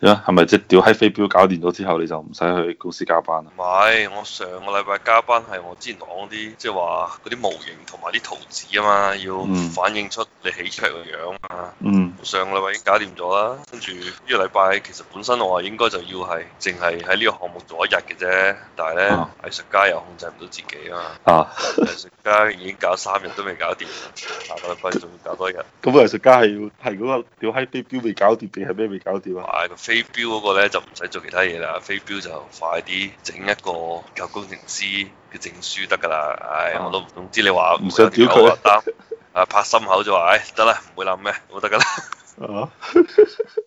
點啊？係咪即屌閪飛鏢搞掂咗之後，你就唔使去公司加班啦？唔係，我上個禮拜加班係我之前講啲，即係話嗰啲模型同埋啲圖紙啊嘛，要反映出你起出嚟個樣啊嘛。嗯。上個禮拜已經搞掂咗啦，跟住呢個禮拜其實本身我話應該就要係淨係喺呢個項目做一日嘅啫，但係咧藝術家又控制唔到自己啊嘛。啊！藝術家已經搞三日都未搞掂，下個禮拜仲要搞多一日。咁藝術家係要係嗰個屌閪飛鏢未搞掂定係咩未搞掂啊？ 飛鏢嗰個咧就唔使做其他嘢啦。飛鏢就快啲整一個結構工程師嘅證書得噶啦。唉，嗯、我都唔知你話唔想屌佢啊。擔拍心口就話，唉得啦，唔會諗咩，我得噶啦。係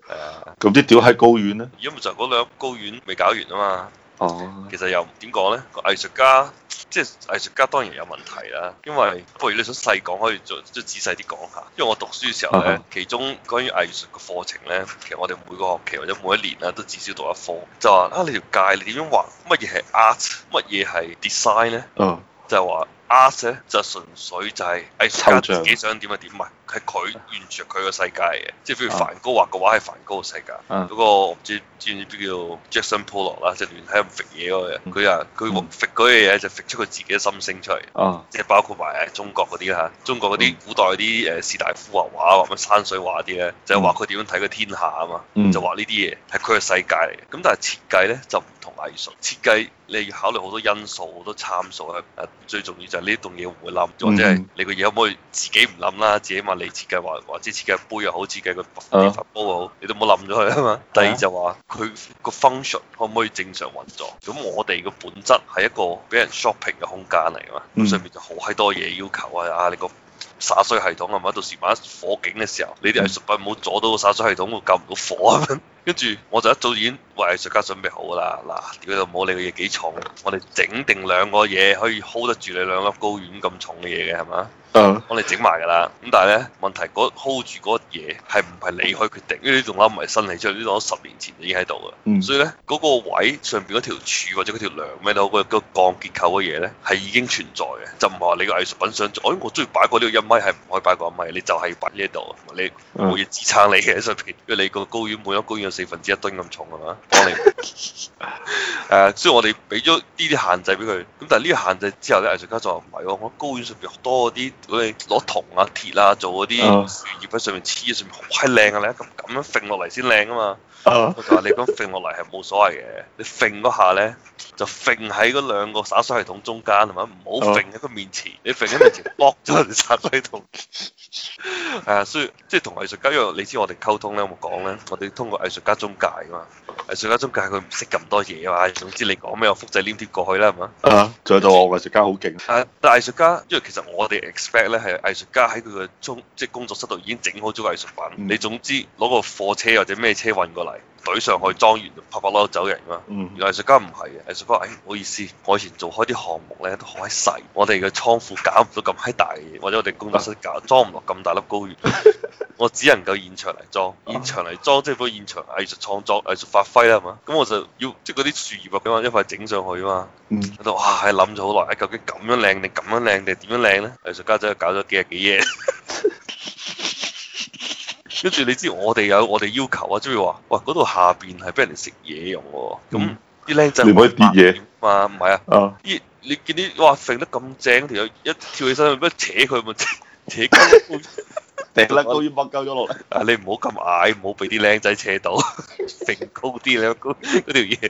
啊。咁啲屌喺高院呢？而家咪就嗰兩高院未搞完啊嘛。哦，oh. 其實又點講呢？個藝術家即係藝術家，即係藝術家當然有問題啦。因為不如你想細講，可以再再仔細啲講下。因為我讀書嘅時候呢，uh huh. 其中關於藝術嘅課程呢，其實我哋每個學期或者每一年啦，都至少讀一科。就話啊，你條界你點樣畫？乜嘢係 art？乜嘢係 design 呢？Uh huh. 嗯，就係話。Artist 咧,就純粹就係藝術家自己想點就點，唔係係佢完全佢個世界嘅，即係譬如梵高畫嘅畫係梵高嘅世界，嗰、啊那個唔知知唔知邊叫 Jackson Pollock 啦，即係亂喺度揈嘢嗰個，佢啊佢揈嗰嘢就揈出佢自己嘅心聲出嚟，即係、嗯、包括埋中國嗰啲嚇，中國嗰啲古代啲誒士大夫畫畫畫乜山水畫啲咧，就畫佢點樣睇個天下啊嘛，就畫呢啲嘢係佢嘅世界嚟嘅，咁但係設計咧就唔同藝術，設計你要考慮好多因素好多參數，係最重要就係。呢棟嘢唔會冧咗，即係你個嘢可唔可以自己唔冧啦？自己問你設計或或者設計杯又好，設計個電飯煲又好，你都冇冧咗佢啊嘛。第二就話佢個 function 可唔可以正常運作？咁我哋個本質係一個俾人 shopping 嘅空間嚟㗎嘛。咁上面就好閪多嘢要求啊！啊，你個灑水系統係咪？到時萬一火警嘅時候，你啲藝術品唔好阻到個灑水系統會救唔到火啊！跟住我就一早已經，為藝術家準備好噶啦，嗱，屌，又冇你個嘢幾重，我哋整定兩個嘢可以 hold 得住你兩粒高丸咁重嘅嘢嘅係嘛？嗯。Uh huh. 我哋整埋噶啦，咁但係咧，問題嗰 hold 住嗰嘢係唔係你可以決定？因為你仲攞唔係新嚟，將啲攞十年前已經喺度嘅。Uh huh. 所以咧嗰、嗰個位上邊嗰條柱或者嗰條梁咩都個、嗰個鋼結構嘅嘢咧係已經存在嘅，就唔係話你個藝術品想做，哎，我中意擺過呢個一米係唔可以擺過一米，你就係擺呢度，你冇嘢支撐你嘅喺上邊，uh huh. 因為你個高丸每粒高丸有四分之一噸咁重係嘛？ 啊、我哋，誒，雖然我哋俾咗呢啲限制俾佢，咁但係呢個限制之後咧，藝術家就話唔係，我高院上面好多嗰啲，攞銅啊、鐵啊做嗰啲樹葉喺上面黐，上面好鬼靚啊，啊 你咁咁樣揈落嚟先靚啊嘛，佢話你咁揈落嚟係冇所謂嘅，你揈嗰下咧就揈喺嗰兩個灑水系統中間係咪？唔好揈喺佢面前， 你揈喺面前博咗個灑水系統，係 啊，所以即係同藝術家，因為你知我哋溝通咧，我講咧，我哋通過藝術家中介㗎嘛。藝術家中介佢唔識咁多嘢嘛，總之你講咩我複製黏貼過去啦，係嘛？啊，再到、嗯、我藝術家好勁，但，藝術家，因為其實我哋 expect 咧係藝術家喺佢嘅中即係工作室度已經整好咗個藝術品，嗯、你總之攞個貨車或者咩車運過嚟。水上去裝完就啪啪落走人嘛。嗯原，藝術家唔係嘅，藝術家誒，唔好意思，我以前做開啲項目咧都好閪細，我哋嘅倉庫搞唔到咁閪大嘅，或者我哋工作室搞裝唔落咁大粒高原。 我只能夠現場嚟裝，現場嚟裝，即係講現場藝術創作、藝術發揮啦，係嘛？咁我就要即係嗰啲樹葉、嗯、啊，畀我一塊整上去啊嘛。喺度啊，係諗咗好耐，究竟咁樣靚定咁樣靚定點樣靚咧？藝術家真係搞咗幾日幾夜。 跟住你知我哋有我哋要求、嗯、要啊，即係話：「喂，嗰度下邊係俾人哋食嘢用喎，咁啲僆仔唔可以跌嘢嘛，唔係啊，啊，咦你見啲哇揈得咁正，條友一跳起身，咩扯佢咪扯筋。扯扯 力到要搏救咗落嚟，啊！你唔好咁矮，唔好俾啲僆仔扯到，成 高啲你嗰嗰條嘢。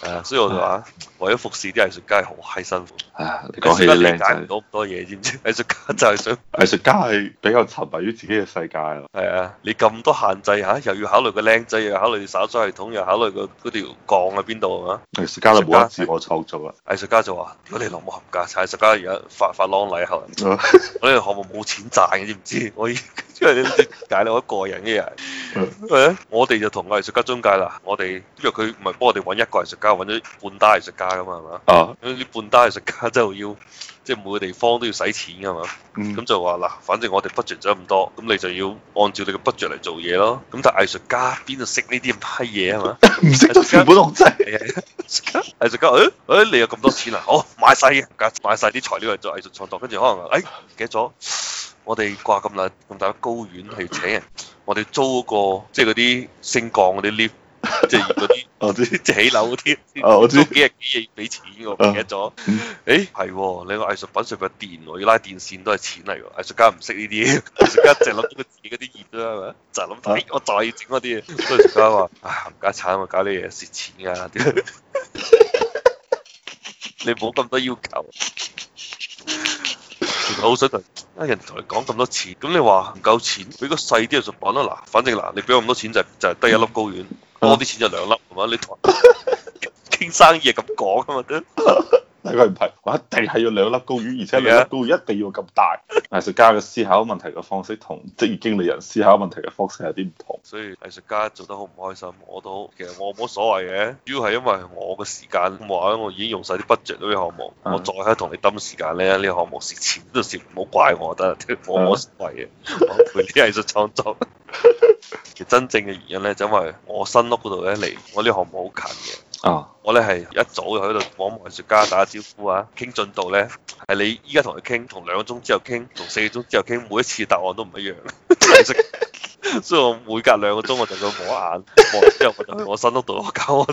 啊、那個，uh, 所以我就話為咗服侍啲藝術家好閪辛苦。啊、uh,，講起僆仔揀唔到咁多嘢，知唔知？藝術家就係想，藝術家係比較沉迷於自己嘅世界咯。係啊，你咁多限制吓、啊，又要考慮個僆仔，又要考慮手肘系統，又要考慮個嗰條槓喺邊度啊？藝術家，家就冇得自我創造。啦。藝術家就話：，如果你項目合格，藝術家而家發發 long 禮後，我呢個項目冇錢賺嘅，知唔知？我已 因為點解咧？我一個人一人，係、嗯、我哋就同藝術家中介啦。我哋因為佢唔係幫我哋揾一個藝術家，揾咗半打藝術家噶嘛，係嘛？啊！呢半打藝術家就要，即係每個地方都要使錢噶嘛。咁、嗯、就話嗱，反正我哋 budget 咗咁多，咁你就要按照你嘅 budget 嚟做嘢咯。咁但係藝術家邊度識呢啲咁批嘢啊？嘛，唔識都係本土控制。藝術家誒誒、 哎哎，你有咁多錢啊？好，買晒嘅，買晒啲材料嚟做藝術創作，跟住可能誒，嘅、哎、咗。記我哋掛咁大咁大嘅高院去請人， 我哋租嗰個即係嗰啲升降嗰啲 lift，即係嗰啲起樓嗰啲，租幾日幾夜要俾錢，我唔記得咗。誒、欸、係、 哎、你個藝術品上邊電，我要拉電線都係錢嚟㗎，藝術家唔識呢啲，藝術家淨係諗到佢自己嗰啲熱啦，係咪？就係諗睇，我就係要整嗰啲嘢。藝術家話：啊冚家鏟喎，搞啲嘢蝕錢啊。 」你冇咁多要求。好想同、就、一、是、人同你講咁多錢，咁你話唔夠錢，俾個細啲嘅就講咯。嗱，反正嗱，你俾我咁多錢、就是，就就係得一粒膏丸，多啲錢就兩粒，係 嘛？你同傾生意係咁講啊嘛，都。大家唔係，我一定係要兩粒高魚，而且兩粒高魚一定要咁大。藝術 家嘅思考問題嘅方式同職業經理人思考問題嘅方式有啲唔同，所以藝術家做得好唔開心。我都好其實我冇所謂嘅，主要係因為我嘅時間話我已經用晒啲 budget 呢個項目， 我再喺同你抌時間咧呢個項目蝕錢都蝕，唔好怪我得啦，我所 我廢啊，我啲藝術創作。 其實真正嘅原因咧，就是、因為我新屋嗰度咧離我呢個項目好近嘅。啊！Oh. 我咧係一早就喺度幫藝術家打招呼啊，傾進度咧係你依家同佢傾，同兩個鐘之後傾，同四個鐘之後傾，每一次答案都唔一樣。 所以，我每隔兩個鐘我就想摸眼，望之 後我就同我新屋度攞教我。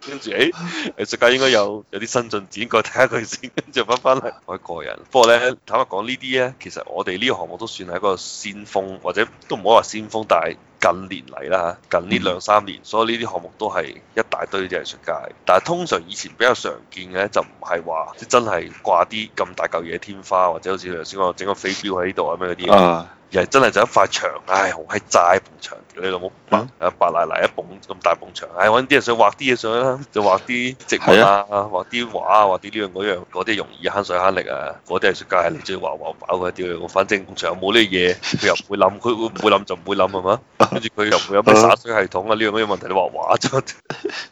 跟住誒，藝術家應該有有啲新進展，我睇下佢先，跟住翻翻嚟我一個人。不過咧，坦白講呢啲咧，其實我哋呢個項目都算係一個先鋒，或者都唔好話先鋒，但係。近年嚟啦，近呢兩三年，所以呢啲項目都係一大堆啲藝術界。但係通常以前比較常見嘅就唔係話真係掛啲咁大嚿嘢天花，或者好似頭先我整個飛鏢喺呢度啊咩嗰啲。真係就一塊牆，唉，好閪齋埲牆，你老母、嗯、白，白奶奶一埲咁大埲牆，唉，搵啲人想畫啲嘢上去啦，就畫啲植物啊，畫啲畫啊，畫啲呢樣嗰樣，嗰啲容易慳水慳力啊，嗰啲係藝術家係最畫畫飽嗰啲，反正牆冇呢嘢，佢又唔會諗，佢會唔會諗就唔會諗係嘛，跟住佢又唔會有咩灑水系統啊，呢樣嗰樣問題，你畫畫啫。